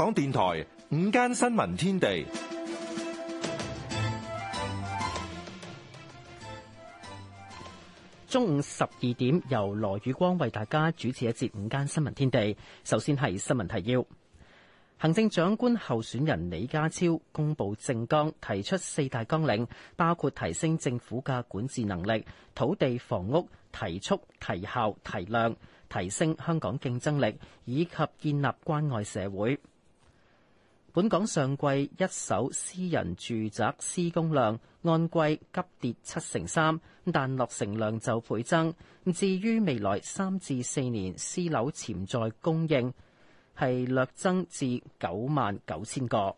香港電台午間新聞天地，中午十二點由羅宇光為大家主持一節午間新聞天地。首先係新聞提要：行政長官候選人李家超公布政綱，提出四大綱領，包括提升政府嘅管治能力、土地房屋提速提效提量，提升香港競爭力，以及建立關愛社會。本港上季一手私人住宅施工量按季急跌七成三，但落成量就倍增。至於未來三至四年私樓潛在供應，係略增至九萬九千個。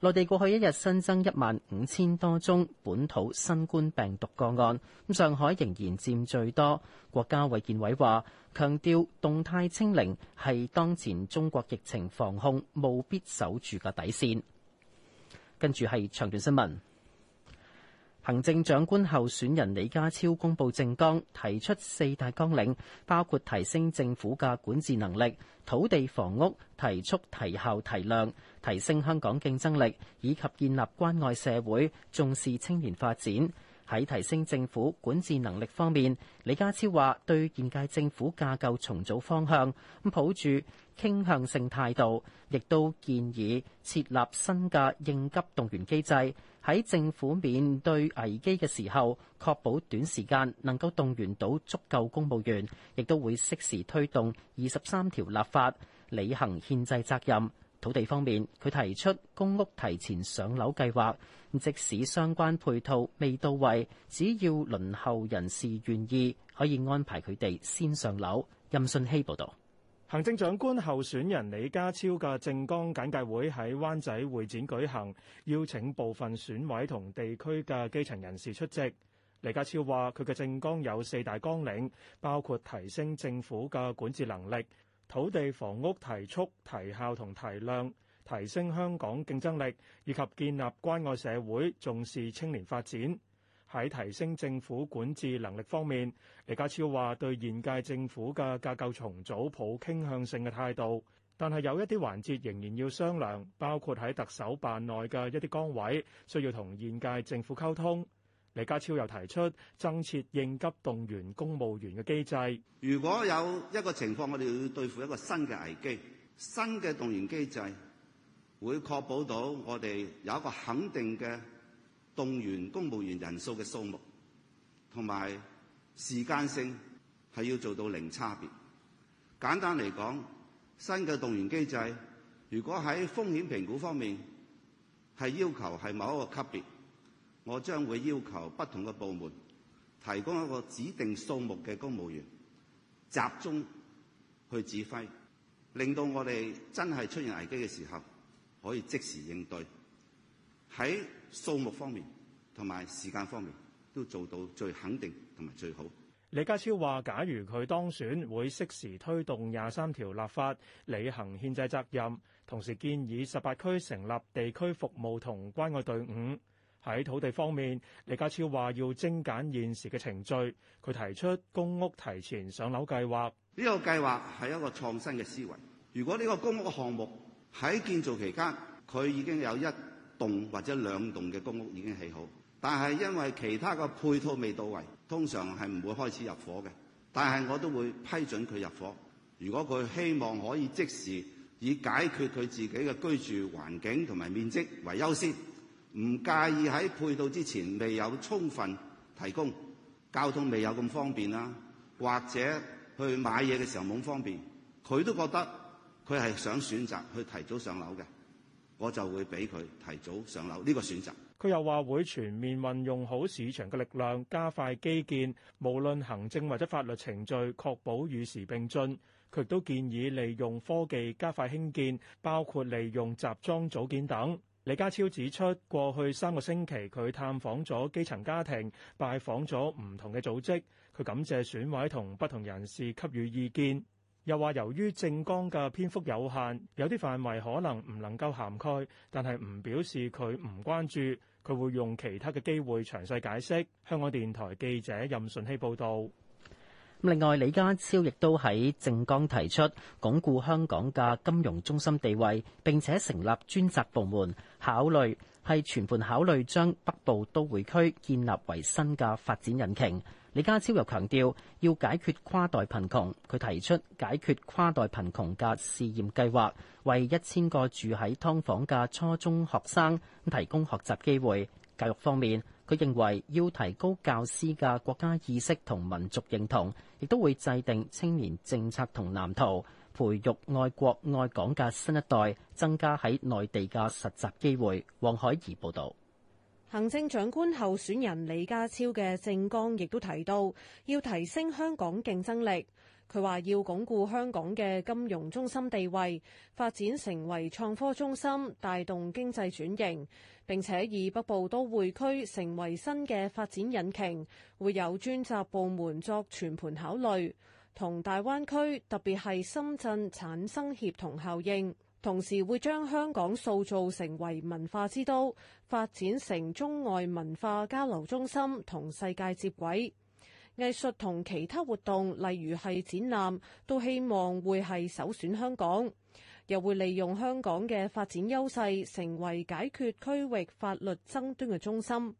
內地過去一日新增一萬五千多宗本土新冠病毒個案，咁上海仍然佔最多。國家衛健委話強調，強調動態清零係當前中國疫情防控務必守住嘅底線。跟住係長段新聞。行政長官候選人李家超公布政綱，提出四大綱領，包括提升政府嘅管治能力、土地房屋提速提效提量、提升香港競爭力以及建立關愛社會、重視青年發展。喺提升政府管治能力方面，李家超話：對現屆政府架構重組方向，咁抱住傾向性態度，亦都建議設立新嘅應急動員機制，喺政府面對危機嘅時候，確保短時間能夠動員到足夠公務員。亦都會適時推動二十三條立法，履行憲制責任。土地方面，佢提出公屋提前上樓計劃，即使相關配套未到位，只要輪候人士願意，可以安排佢哋先上樓。任信希報導。行政長官候選人李家超嘅政綱簡介會喺灣仔會展舉行，邀請部分選委同地區嘅基層人士出席。李家超話，佢嘅政綱有四大綱領，包括提升政府嘅管治能力、土地房屋提速提效同提量、提升香港競爭力，以及建立關愛社會、重視青年發展。喺提升政府管治能力方面，李家超話對現屆政府嘅架構重組抱傾向性嘅態度，但係有一啲環節仍然要商量，包括喺特首辦內嘅一啲崗位需要同現屆政府溝通。李家超又提出增設應急動員公務員嘅機制。如果有一個情況，我哋要對付一個新嘅危機，新嘅動員機制會確保到我哋有一個肯定嘅。動員公務員人數嘅數目，同埋時間性係要做到零差別。簡單嚟講，新嘅動員機制，如果喺風險評估方面係要求係某一個級別，我將會要求不同嘅部門提供一個指定數目嘅公務員集中去指揮，令到我哋真係出現危機嘅時候可以即時應對。喺數目方面同埋時間方面都做到最肯定同埋最好。李家超話，假如佢當選，會適時推動廿三條立法，履行憲制責任，同時建議十八區成立地區服務同關愛隊伍。喺土地方面，李家超話要精簡現時嘅程序。佢提出公屋提前上樓計劃。呢個計劃係一個創新嘅思維。如果呢個公屋項目喺建造期間，佢已經有一棟或者兩棟嘅公屋已經起好，但係因為其他嘅配套未到位，通常係唔會開始入伙嘅。但係我都會批准佢入伙。如果佢希望可以即時以解決佢自己嘅居住環境同埋面積為優先，唔介意喺配套之前未有充分提供，交通未有咁方便啦，或者去買嘢嘅時候冇咁方便，佢都覺得佢係想選擇去提早上樓嘅。我就會俾佢提早上樓，呢個選擇。佢又話會全面運用好市場嘅力量，加快基建，無論行政或者法律程序，確保與時並進。佢都建議利用科技加快興建，包括利用集裝組件等。李家超指出，過去三個星期佢探訪咗基層家庭，拜訪咗唔同嘅組織，佢感謝選委同不同人士給予意見。又話由於政綱嘅篇幅有限，有啲範圍可能唔能夠涵蓋，但係唔表示佢唔關注，佢會用其他嘅機會詳細解釋。香港電台記者任順希報導。另外，李家超亦都喺政綱提出鞏固香港嘅金融中心地位，並且成立專責部門，考慮係全盤考慮將北部都會區建立為新嘅發展引擎。李家超又強調要解決跨代貧窮，佢提出解決跨代貧窮嘅試驗計劃，為一千個住喺劏房嘅初中學生提供學習機會。教育方面，佢認為要提高教師嘅國家意識同民族認同，亦都會制定青年政策同藍圖，培育愛國愛港嘅新一代，增加喺內地嘅實習機會。黃海怡報導。行政長官候選人李家超嘅政綱亦都提到，要提升香港競爭力。佢話要鞏固香港嘅金融中心地位，發展成為創科中心，帶動經濟轉型，並且以北部都會區成為新嘅發展引擎，會有專責部門作全盤考慮，同大灣區，特別係深圳產生協同效應。同時會將香港塑造成為文化之都，發展成中外文化交流中心同世界接軌。藝術同其他活動，例如係展覽，都希望會係首選香港，又會利用香港嘅發展優勢，成為解決區域法律爭端嘅中心。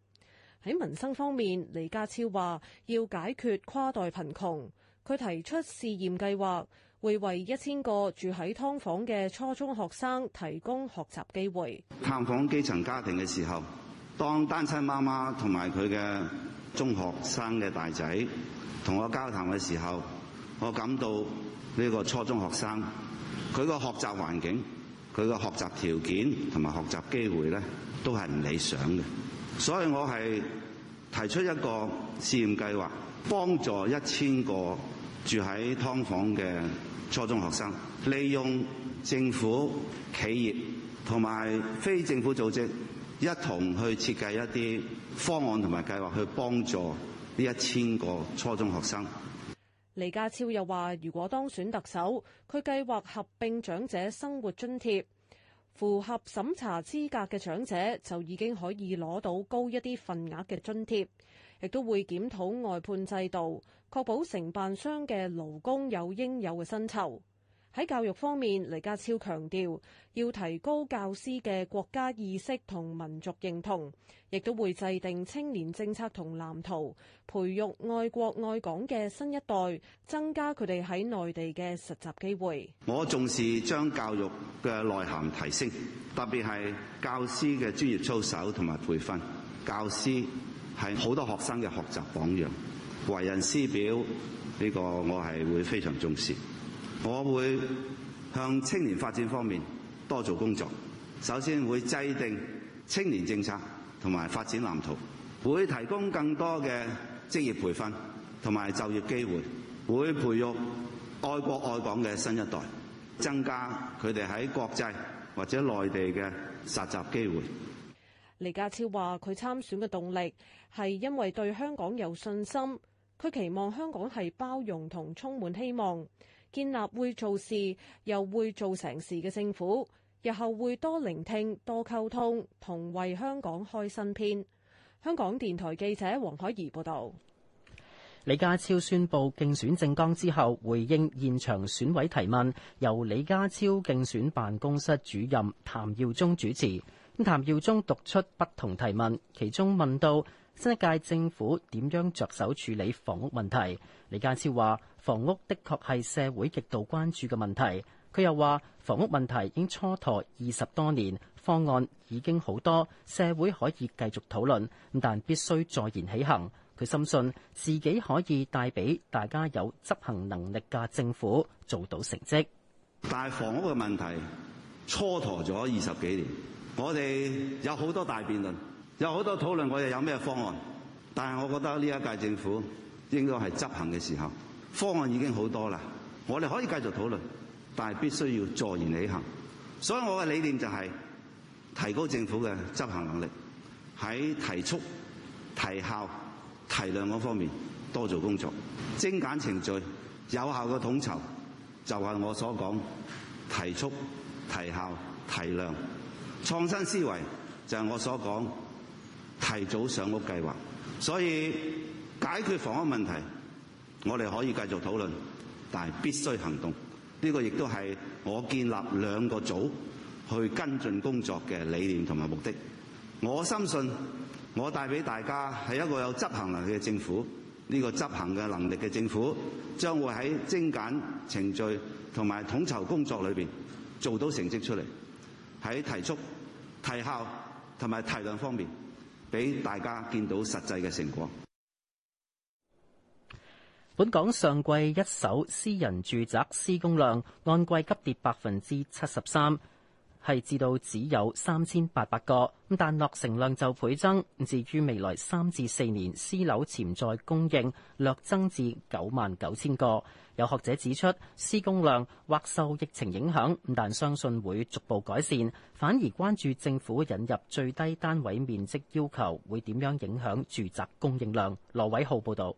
喺民生方面，李家超話要解決跨代貧窮，佢提出試驗計劃。會為一千個住喺劏房嘅初中學生提供學習機會。探訪基層家庭嘅時候，當單親媽媽同埋佢嘅中學生嘅大仔同我交談嘅時候，我感到呢個初中學生佢個學習環境、佢嘅學習條件同埋學習機會咧，都係唔理想嘅。所以我係提出一個試驗計劃，幫助一千個住喺劏房嘅初中學生，利用政府、企業同埋非政府組織一同去設計一啲方案同埋計劃，去幫助呢一千個初中學生。李家超又話，如果當選特首，佢計劃合併長者生活津貼，符合審查資格嘅長者就已經可以攞到高一啲份額嘅津貼。亦都會檢討外判制度，確保承辦商嘅勞工有應有嘅薪酬。喺教育方面，李家超強調要提高教師嘅國家意識同民族認同，亦都會制定青年政策同藍圖，培育愛國愛港嘅新一代，增加佢哋喺內地嘅實習機會。我重視將教育嘅內涵提升，特別係教師嘅專業操守同埋培訓。教師係好多學生嘅學習榜樣，為人師表呢個我係會非常重視。我會向青年發展方面多做工作。首先會制定青年政策同埋發展藍圖，會提供更多嘅職業培訓同埋就業機會，會培育愛國愛港嘅新一代，增加佢哋喺國際或者內地嘅實習機會。李家超話佢參選嘅動力係因為對香港有信心，佢期望香港係包容同充滿希望，建立會做事又會做成事嘅政府，日後會多聆聽多溝通，同為香港開新篇。香港電台記者黃海怡報道。李家超宣布競選政綱之後，回應現場選委提問，由李家超競選辦公室主任譚耀宗主持。譚耀宗讀出不同提問，其中問到新一屆政府點樣着手處理房屋問題。李家超話：房屋的確係社會極度關注嘅問題。佢又話：房屋問題已經蹉跎二十多年，方案已經好多，社會可以繼續討論，但必須坐言起行。佢深信自己可以帶俾大家有執行能力嘅政府做到成績。但係房屋嘅問題蹉跎咗二十幾年。我哋有好多大辯論，有好多討論，我哋有咩方案？但係我覺得呢一屆政府應該係執行嘅時候，方案已經好多啦。我哋可以繼續討論，但係必須要坐言起行。所以我嘅理念就係提高政府嘅執行能力，喺提速、提效、提量嗰方面多做工作，精簡程序，有效嘅統籌，就係我所講提速、提效、提量。創新思維就係我所講提早上屋計劃，所以解決房屋問題，我哋可以繼續討論，但係必須行動。呢個亦都係我建立兩個組去跟進工作嘅理念同埋目的。我相信我帶俾大家係一個有執行能力嘅政府，呢個執行嘅能力嘅政府將會喺精簡程序同埋統籌工作裏面做到成績出嚟。喺提速、提效同埋提量方面，俾大家見到實際嘅成果。本港上季一手私人住宅施工量按季急跌百分之七十三。係至到只有三千八百個，但落成量就倍增。至於未來三至四年私樓潛在供應，略增至九萬九千個。有學者指出，施工量或受疫情影響，但相信會逐步改善。反而關注政府引入最低單位面積要求會點樣影響住宅供應量。羅偉浩報導。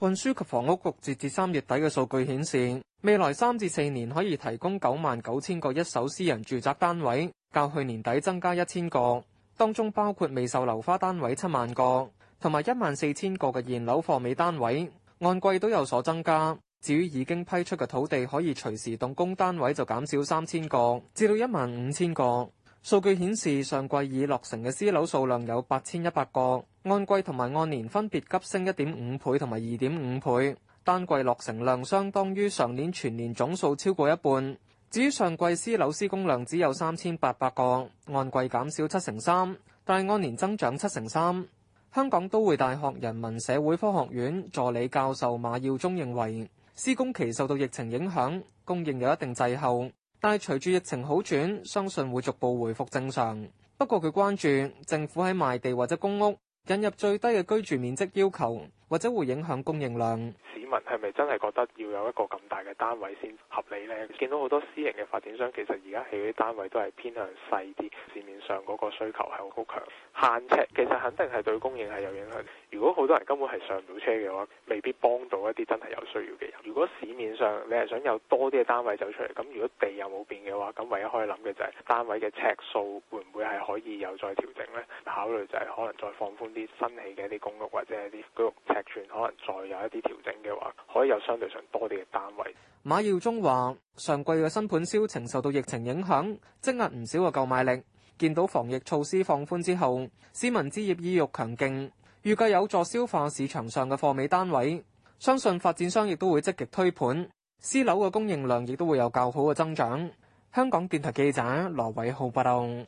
運輸及房屋局截至三月底嘅數據顯示，未來三至四年可以提供九萬九千個一手私人住宅單位，較去年底增加一千個，當中包括未售樓花單位七萬個，同埋一萬四千個嘅現樓貨尾單位，按季都有所增加。至於已經批出嘅土地可以隨時動工單位就減少三千個，至到一萬五千個。數據顯示上季已落成嘅私樓數量有八千一百個。按季同埋按年分別急升一點五倍同埋二點五倍，單季落成量相當於上年全年總數超過一半。至於上季私樓施工量只有三千八百個，按季減少七成三，但按年增長七成三。香港都會大學人文社會科學院助理教授馬耀忠認為，施工期受到疫情影響，供應有一定滯後，但係隨住疫情好轉，相信會逐步回復正常。不過佢關注政府喺賣地或者公屋引入最低嘅居住面積要求。或者會影響供應量。市民係咪真係覺得要有一個咁大嘅單位先合理呢？見到好多私營嘅發展商，其實而家起啲單位都係偏向細啲。市面上嗰個需求係好強，限尺其實肯定係對供應係有影響。如果好多人根本係上唔到車嘅話，未必幫到一啲真係有需要嘅人。如果市面上你係想有多啲嘅單位走出嚟，咁如果地又冇變嘅話，咁唯一可以諗嘅就係單位嘅尺數會唔會係可以有再調整呢？考慮就係可能再放寬啲新起嘅一啲公屋或者一啲居屋。可能再有一啲調整嘅話，可以有相對上多啲嘅單位。馬耀忠話上季嘅新盤銷情受到疫情影響，積壓唔少嘅購買力。見到防疫措施放寬之後，市民置業意欲強勁，預計有助消化市場上嘅貨尾單位。相信發展商亦都會積極推盤，私樓嘅供應量亦都會有較好嘅增長，香港電台記者羅偉浩報道。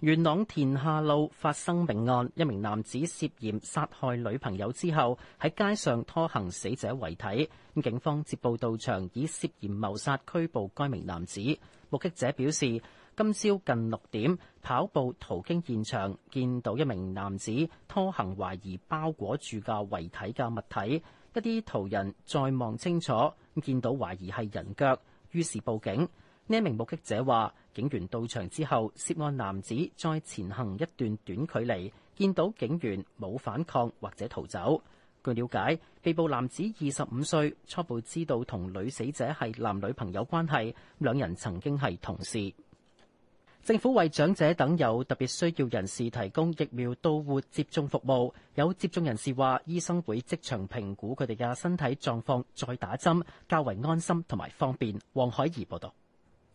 元朗田下路發生命案，一名男子涉嫌殺害女朋友之後喺街上拖行死者遺體，警方接報到場，以涉嫌謀殺拘捕該名男子。目擊者表示，今朝近六點跑步途經現場，見到一名男子拖行懷疑包裹住嘅遺體嘅物體，一啲途人再望清楚，見到懷疑係人腳，於是報警。呢一名目擊者話。警員到場之後，涉案男子再前行一段短距離，見到警員冇反抗或者逃走。據了解，被捕男子二十五歲，初步知道同女死者係男女朋友關係，兩人曾經係同事。政府為長者等有特別需要人士提供疫苗到戶接種服務，有接種人士話，醫生會即場評估佢哋嘅身體狀況再打針，較為安心同埋方便。黃海怡報道。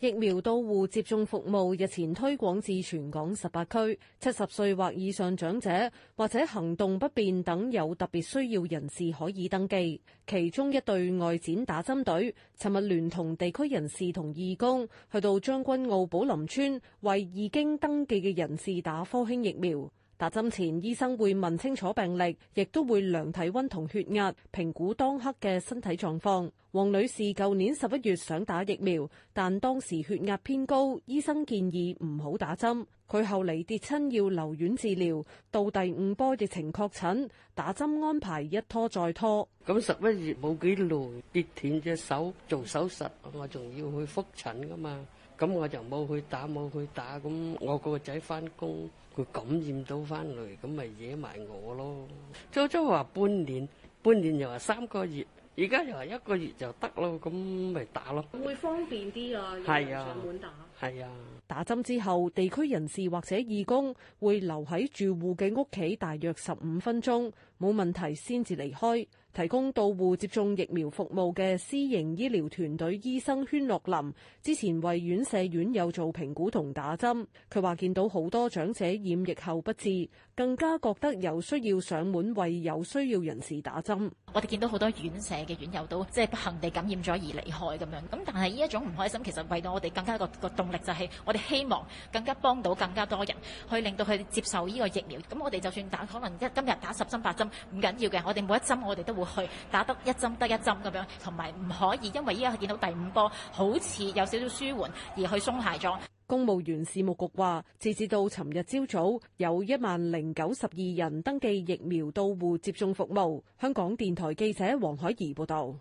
疫苗到戶接種服務日前推廣至全港十八區，七十歲或以上長者或者行動不便等有特別需要人士可以登記。其中一隊外展打針隊尋日聯同地區人士同義工去到將軍澳寶林村，為已經登記嘅人士打科興疫苗。打針前，醫生會問清楚病歷，亦都會量體温同血壓，評估當刻嘅身體狀況。王女士舊年十一月想打疫苗，但當時血壓偏高，醫生建議唔好打針。佢後嚟跌親要留院治療，到第五波疫情確診，打針安排一拖再拖。咁十一月冇幾耐跌斷隻手，做手術，我仲要去覆診㗎嘛。咁我就冇去打冇去打，咁我個仔翻工佢感染到翻嚟，咁咪惹埋我咯。初初話半年，半年又話三個月，而家又話一個月就得咯，咁咪打咯。會方便啲啊，上門打。係啊，打針之後，地區人士或者義工會留喺住戶嘅屋企大約十五分鐘，冇問題先至離開。提供到戶接種疫苗服務嘅私營醫療團隊醫生圈樂林，之前為院舍院友做評估同打針。佢話見到好多長者染疫後不治，更加覺得有需要上門為有需要人士打針。我哋見到好多院舍嘅院友都即係不幸地感染咗而離開咁樣，咁但係呢一種唔開心，其實為到我哋更加個個動力就係我哋希望更加幫到更加多人，去令到佢哋接受呢個疫苗。咁我哋就算打可能一今日打十針八針唔緊要嘅，我哋每一針我哋都會。去打得一針得一針咁樣，同埋唔可以因為依家見到第五波好似有少少舒緩，而去鬆懈咗。公務員事務局話，截至到尋日朝早，有一萬零九十二人登記疫苗到戶接種服務。香港電台記者黃海怡報道。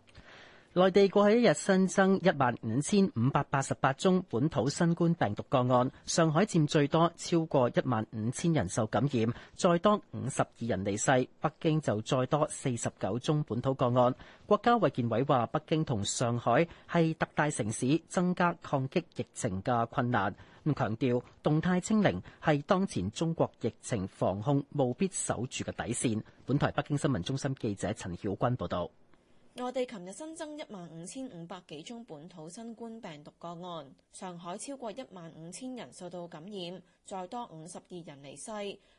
內地過去一日新增一萬五千五百八十八宗本土新冠病毒個案，上海佔最多，超過一萬五千人受感染，再多五十二人離世。北京就再多四十九宗本土個案。國家衛健委話，北京同上海係特大城市，增加抗擊疫情嘅困難。咁強調動態清零係當前中國疫情防控務必守住嘅底線。本台北京新聞中心記者陳曉君報道。我地琴日新增一萬五千五百幾宗本土新冠病毒個案，上海超過一萬五千人受到感染，再多五十二人離世；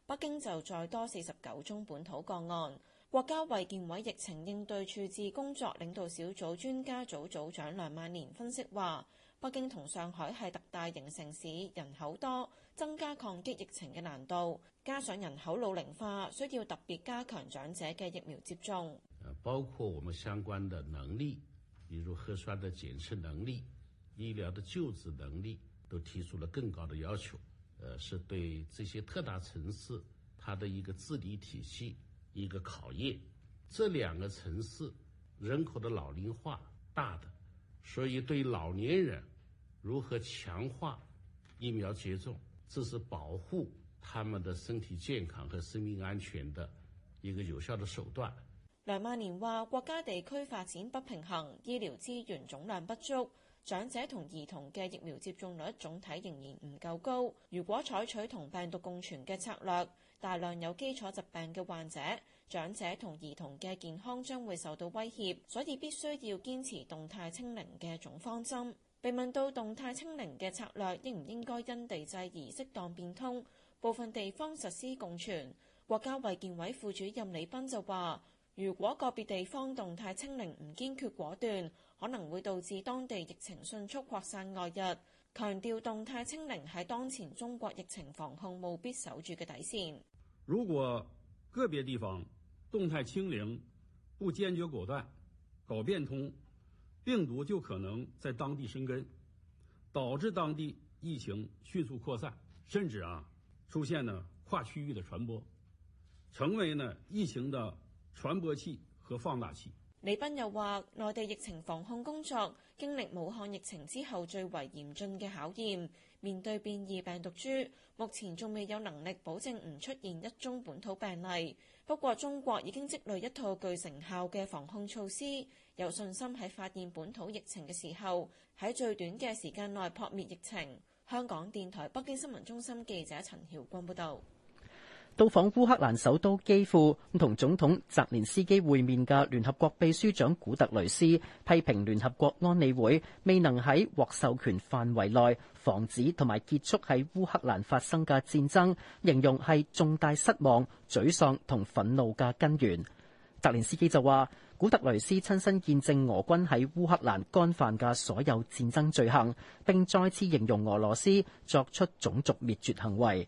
北京就再多四十九宗本土個案。國家衛健委疫情應對處置工作領導小組專家組組長梁萬年分析話，北京同上海係特大型城市，人口多，增加抗擊疫情嘅難度，加上人口老齡化，需要特別加強長者嘅疫苗接種。包括我們相關的能力，比如核酸的檢測能力、醫療的救治能力，都提出了更高的要求。呃，是對這些特大城市它的一個治理體系一個考驗。這兩個城市人口的老齡化大的，所以對老年人如何強化疫苗接種，這是保護他們的身體健康和生命安全的一個有效的手段。梁萬年話：國家地區發展不平衡，醫療資源總量不足，長者同兒童嘅疫苗接種率總體仍然唔夠高。如果採取同病毒共存嘅策略，大量有基礎疾病嘅患者、長者同兒童嘅健康將會受到威脅，所以必須要堅持動態清零嘅總方針。被問到動態清零嘅策略應唔應該因地制宜適當變通，部分地方實施共存，國家衛健委副主任李斌就話。如果個別地方動態清零唔堅決果斷，可能會導致當地疫情迅速擴散外溢。強調動態清零係當前中國疫情防控務必守住嘅底線。如果個別地方動態清零不堅決果斷，搞變通，病毒就可能在當地生根，導致當地疫情迅速擴散，甚至啊出現呢跨區域的傳播，成為呢疫情的傳播器和放大器。李斌又話：內地疫情防控工作經歷武漢疫情之後最為嚴峻嘅考驗，面對變異病毒株，目前仲未有能力保證唔出現一宗本土病例。不過，中國已經積累一套具成效嘅防控措施，有信心喺發現本土疫情嘅時候，喺最短嘅時間內撲滅疫情。香港電台北京新聞中心記者陳曉光報導。到訪烏克蘭首都基輔同總統澤連斯基會面嘅聯合國秘書長古特雷斯，批評聯合國安理會未能喺獲授權範圍內防止同埋結束喺烏克蘭發生嘅戰爭，形容係重大失望、沮喪同憤怒嘅根源。澤連斯基就話：古特雷斯親身見證俄軍喺烏克蘭干犯嘅所有戰爭罪行，並再次形容俄羅斯作出種族滅絕行為。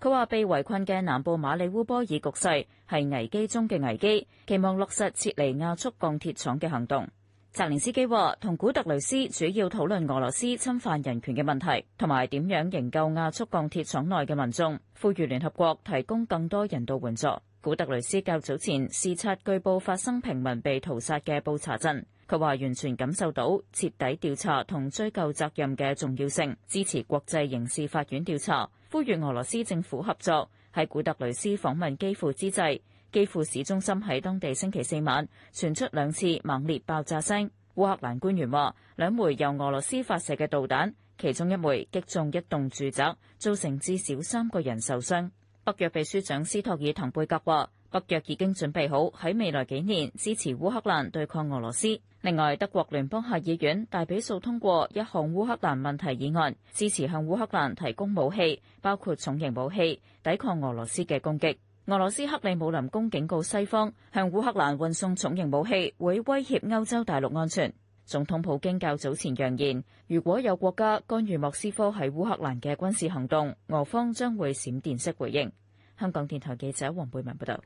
佢話：他被圍困嘅南部馬里烏波爾局勢係危機中嘅危機，期望落實撤離亞速鋼鐵廠嘅行動。澤連斯基話：同古特雷斯主要討論俄羅斯侵犯人權嘅問題，同埋點樣營救亞速鋼鐵廠內嘅民眾，呼籲聯合國提供更多人道援助。古特雷斯較早前視察據報發生平民被屠殺嘅布查鎮，佢話完全感受到徹底調查同追究責任嘅重要性，支持國際刑事法院調查。呼籲俄羅斯政府合作。喺古特雷斯訪問基輔之際，基輔市中心喺當地星期四晚傳出兩次猛烈爆炸聲。烏克蘭官員話，兩枚由俄羅斯發射嘅導彈，其中一枚擊中一棟住宅，造成至少三個人受傷。北約秘書長斯托爾滕貝格話。北約已經準備好喺未來幾年支持烏克蘭對抗俄羅斯。另外，德國聯邦下議院大比數通過一項烏克蘭問題議案，支持向烏克蘭提供武器，包括重型武器，抵抗俄羅斯嘅攻擊。俄羅斯克里姆林宮警告西方向烏克蘭運送重型武器會威脅歐洲大陸安全。總統普京較早前揚言，如果有國家干預莫斯科喺烏克蘭嘅軍事行動，俄方將會閃電式回應。香港電台記者黃貝文報道。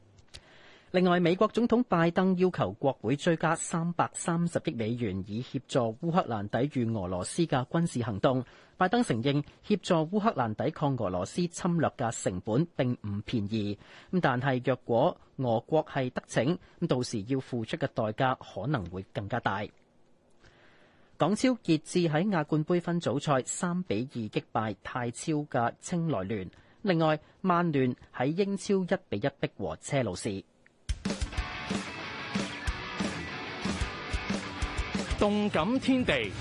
另外，美國總統拜登要求國會追加三百三十億美元，以協助烏克蘭抵禦俄羅斯嘅軍事行動。拜登承認協助烏克蘭抵抗俄羅斯侵略嘅成本並唔便宜，咁但係若果俄國係得逞，咁到時要付出嘅代價可能會更加大。港超傑志喺亞冠杯分組賽三比二擊敗泰超嘅青來聯。另外，曼聯喺英超一比一逼和車路士。動感天地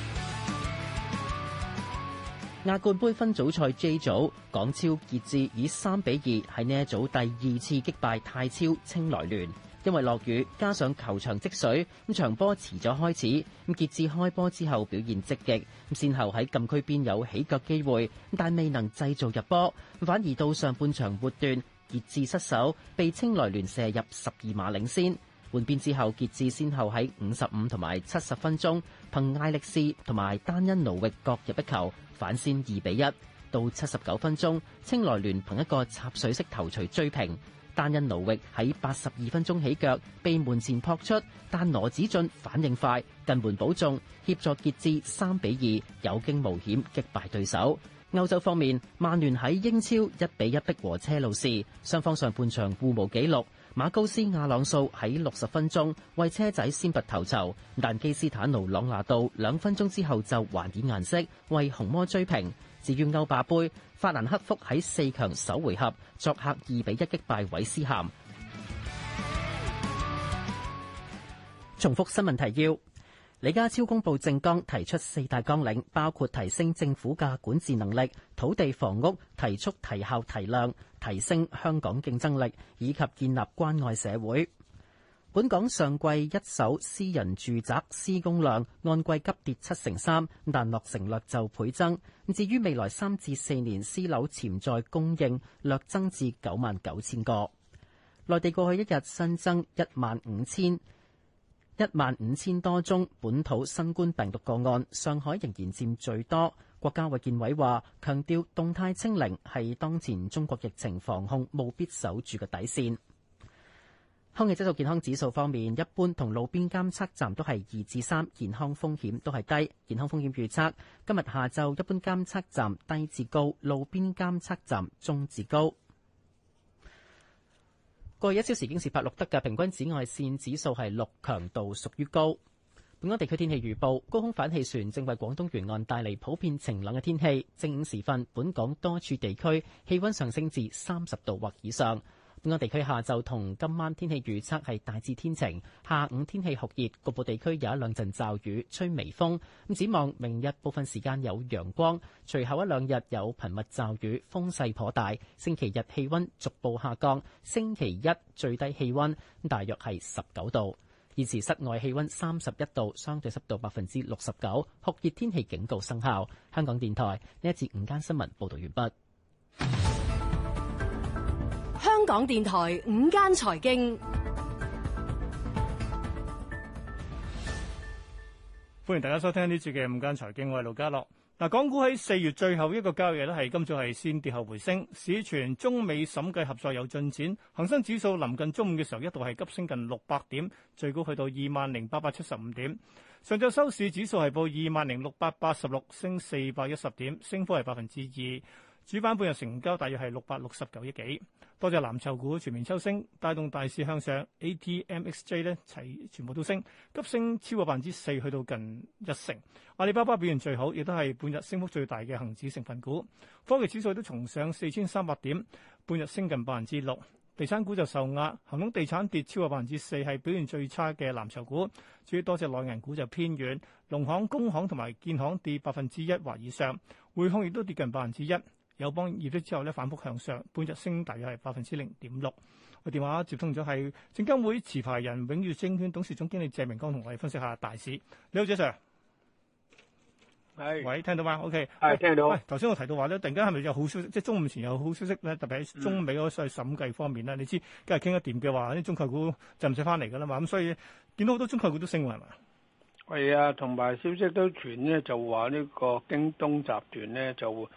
亞冠杯分組賽 J 組，港超傑志以三比二喺呢一組第二次擊敗泰超清萊聯。因為落雨加上球場積水，咁場波遲咗開始。咁傑志開波之後表現積極，咁先後喺禁區邊有起腳機會，但未能製造入波，反而到上半場末段傑志失手被清萊聯射入十二碼領先。換邊之後，傑志先後喺五十五同埋七十分鐘，憑艾力斯同埋丹恩奴域各入一球，反先二比一。到七十九分鐘，清萊聯憑一個插水式頭槌追平。丹恩奴域喺八十二分鐘起腳，被門前撲出，但羅子俊反應快，近門保中，協助傑志三比二有驚無險擊敗對手。歐洲方面，曼聯喺英超一比一逼和車路士，雙方上半場互無紀錄。馬高斯亞朗素喺六十分鐘為車仔先拔頭籌，但基斯坦奴朗拿度兩分鐘之後就還以顏色，為紅魔追平。至於歐霸盃，法蘭克福喺四強首回合作客二比一擊敗韋斯咸。重複新聞提要：李家超公布政綱，提出四大綱領，包括提升政府嘅管治能力、土地房屋提速提效提量。提升香港競爭力，以及建立關愛社會。本港上季一手私人住宅施工量按季急跌七成三，但落成率就倍增。至於未來三至四年私樓潛在供應，略增至九萬九千個。內地過去一日新增一萬五千、一萬五千多宗本土新冠病毒個案，上海仍然佔最多。國家衛健委話強調動態清零係當前中國疫情防控務必守住嘅底線。空氣質素健康指數方面，一般同路邊監測站都係二至三，健康風險都係低。健康風險預測，今日下晝一般監測站低至高，路邊監測站中至高。過去一小時已經錄得嘅平均紫外線指數係六，強度屬於高。本港地區天氣預報，高空反氣旋正為廣東沿岸帶嚟普遍晴朗嘅天氣，正午時分，本港多處地區氣溫上升至三十度或以上。本港地區下晝同今晚天氣預測係大致天晴，下午天氣酷熱，局部地區有一兩陣驟雨，吹微風，咁展望明日部分時間有陽光，隨後一兩日有頻密驟雨，風勢頗大。星期日氣溫逐步下降，星期一最低氣溫大約係十九度。現時室外氣溫三十一度，相對濕度百分之六十九，酷熱天氣警告生效。香港電台呢一節午間新聞報道完畢。香港電台午間財經，歡迎大家收聽呢一節嘅午間財經，我係盧家樂。嗱，港股喺四月最後一個交易日，係今早係先跌後回升，市傳中美審計合作有進展，恒生指數臨近中午嘅時候一度係急升近六百點，最高去到二萬零八百七十五點。上晝收市指數係報二萬零六百八十六，升四百一十點，升幅係百分之二。主板半日成交大約係六百六十九億幾。多隻藍籌股全面抽升，帶動大市向上。A.T.M.X.J 咧齊全部都升，急升超過百分之四，去到近一成。阿里巴巴表現最好，亦都係半日升幅最大嘅恒指成分股。科技指數都重上四千三百點，半日升近百分之六。地產股就受壓，恒隆地產跌超過百分之四，係表現最差嘅藍籌股。至於多隻內銀股就偏軟，農行、工行同埋建行跌百分之一或以上，匯控亦都跌近百分之一。友邦業績之後咧，反覆向上，本日升大約係百分之零點六。個電話接通咗係證監會持牌人永越證券董事總經理謝明光，同我哋分析下大市。你好謝 Sir 係。喂，聽到嗎？O.K. 係聽到。喂、哎，頭、哎、先我提到話咧，突然間係咪有好消息？即係中午前有好消息咧，特別喺中美所謂審計方面咧。嗯、你知，今日傾得掂嘅話，啲中概股就唔使翻嚟噶啦嘛。咁所以見到好多中概股都升喎，係咪？係啊，同埋消息都傳咧，就話呢個京東集團咧就。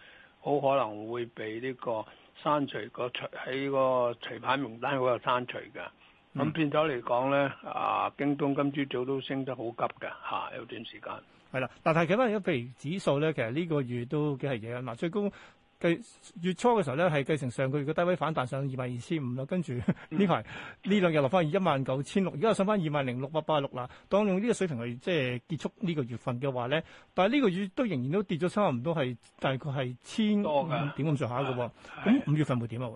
好可能會被呢個刪除個除喺個除牌名單嗰度刪除嘅。咁變咗嚟講咧啊，京東今朝早都升得好急嘅嚇、啊，有段時間係啦。但係其實而家譬如指數咧，其實呢個月都幾係嘢啦。嗱，最高。計月初嘅時候咧，係繼承上個月嘅低位反彈上二萬二千五啦，跟住呢排呢兩日落翻一萬九千六，而家上翻二萬零六百八十六啦。當用呢個水平去即係、呃、結束呢個月份嘅話咧，但係呢個月都仍然都跌咗差唔多係大概係千的點咁上下嘅喎。咁、啊、五月份會點啊？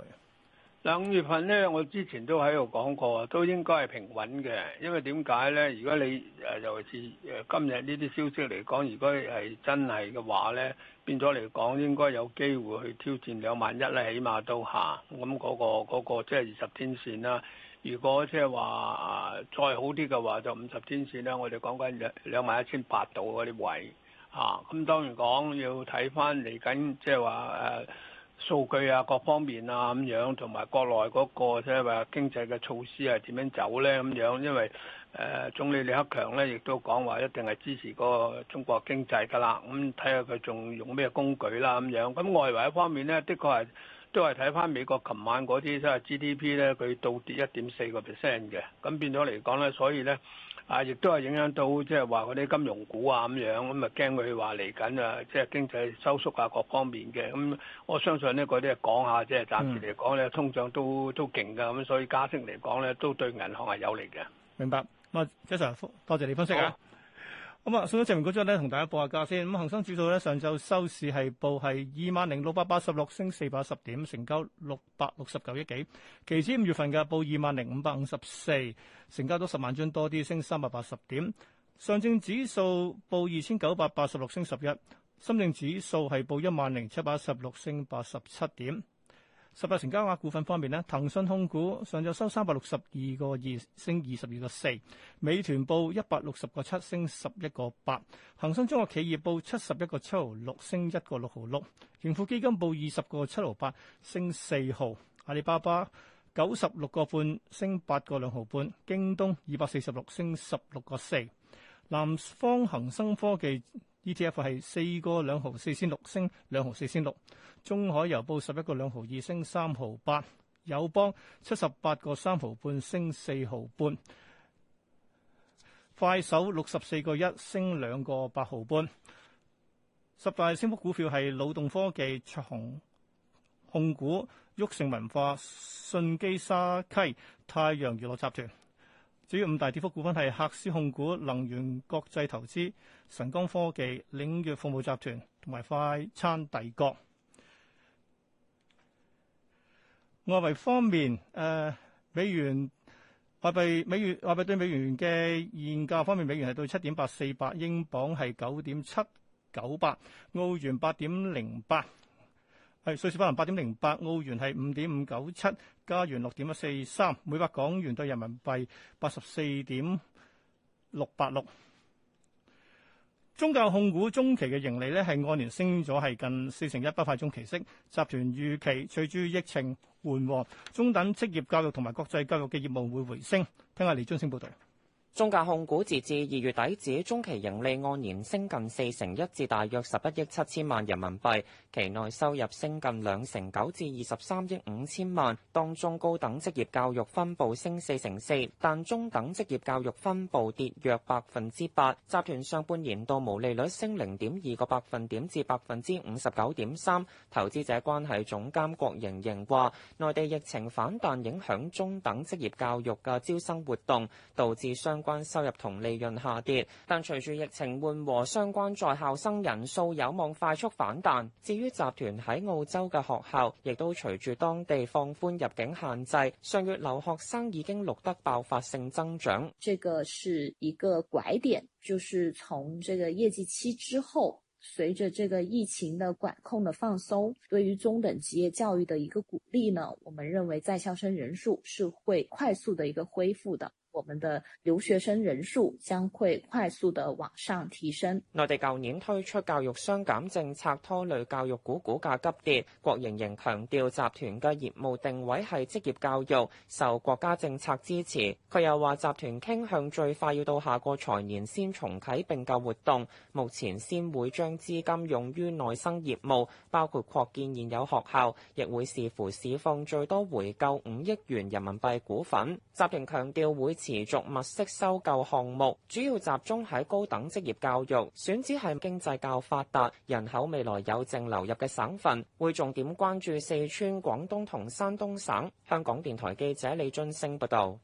嗱，五月份呢，我之前都喺度講過，都應該係平穩嘅。因為點解呢？如果你誒，尤其是今日呢啲消息嚟講，如果係真係嘅話呢，變咗嚟講應該有機會去挑戰兩萬一咧，起碼都下。咁、嗰、嗰個嗰、嗰個即係二十天線啦。如果即係話再好啲嘅話，就五十天線啦。我哋講緊兩兩萬一千八度嗰啲位嚇。咁當然講要睇翻嚟緊，即係話誒。數據啊，各方面啊咁樣，同埋國內嗰個即係話經濟嘅措施係點樣走呢？咁樣，因為誒總理李克強呢，亦都講話一定係支持嗰個中國經濟噶啦，咁睇下佢仲用咩工具啦咁樣。咁外圍一方面呢，的確係都係睇翻美國琴晚嗰啲即係 GDP 呢，佢倒跌一點四個 percent 嘅，咁變咗嚟講呢，所以呢。啊！亦都係影響到，即係話嗰啲金融股啊咁樣，咁啊驚佢話嚟緊啊，即係經濟收縮啊各方面嘅。咁我相信呢，嗰啲講下即係暫時嚟講咧，通脹都都勁㗎，咁所以加息嚟講咧，都對銀行係有利嘅。明白。咁啊，Jason，多謝你分析啊。咁啊，先將成分股張咧同大家報下價先。咁恆生指數咧上晝收市係報係二萬零六百八十六，升四百一十點，成交六百六十九億幾。期指五月份嘅報二萬零五百五十四，成交多十萬張多啲，升三百八十點。上證指數報二千九百八十六，升十一。深證指數係報一萬零七百一十六，升八十七點。十大成交額股份方面呢，騰訊控股上晝收三百六十二個二，升二十二個四；美團報一百六十個七，升十一個八；恒生中國企業報七十一個七毫六，升一個六毫六；盈富基金報二十個七毫八，升四毫；阿里巴巴九十六個半，升八個兩毫半；京東二百四十六，升十六個四；南方恒生科技 ETF 係四個兩毫四千六升兩毫四千六，中海油報十一個兩毫二升三毫八，友邦七十八個三毫半升四毫半，快手六十四個一升兩個八毫半，十大升幅股票係腦動科技、卓紅控股、旭盛文化、信基沙溪、太陽娛樂集團。主要五大跌幅股份係克斯控股、能源國際投資、神光科技、領域服務集團同埋快餐帝國。外圍方面，誒、呃、美元外幣美元外幣對美元嘅現價方面，美元係到七點八四八英鎊，係九點七九八澳元 08,，八點零八係瑞士法郎八點零八澳元係五點五九七。加元六點一四三，每百港元對人民幣八十四點六八六。中教控股中期嘅盈利咧，係按年升咗係近四成一，不快中期息。集團預期隨住疫情緩和，中等職業教育同埋國際教育嘅業務會回升。聽下李津升報道。中教控股截至二月底止，中期盈利按年升近四成一，至大約十一億七千萬人民幣；期內收入升近兩成九，至二十三億五千萬。當中高等職業教育分部升四成四，但中等職業教育分部跌約百分之八。集團上半年度毛利率升零點二個百分點至百分之五十九點三。投資者關係總監郭瑩瑩話：內地疫情反彈影響中等職業教育嘅招生活動，導致相關。關收入同利潤下跌，但隨住疫情緩和，相關在校生人數有望快速反彈。至於集團喺澳洲嘅學校，亦都隨住當地放寬入境限制，上月留學生已經錄得爆發性增長。這個是一個拐點，就是從這個業績期之後，隨着這個疫情的管控的放鬆，對於中等職業教育的一個鼓勵呢，我們認為在校生人數是會快速的一個恢復的。我們的留學生人數將會快速的往上提升。內地舊年推出教育雙減政策，拖累教育股股價急跌。郭瑩瑩強調集團嘅業務定位係職業教育，受國家政策支持。佢又話集團傾向最快要到下個財年先重啟併購活動，目前先會將資金用於內生業務，包括擴建現有學校，亦會視乎市況最多回購五億元人民幣股份。集團強調會。持續物色收購項目，主要集中喺高等職業教育選址，係經濟較發達、人口未來有淨流入嘅省份，會重點關注四川、廣東同山東省。香港電台記者李俊升報道。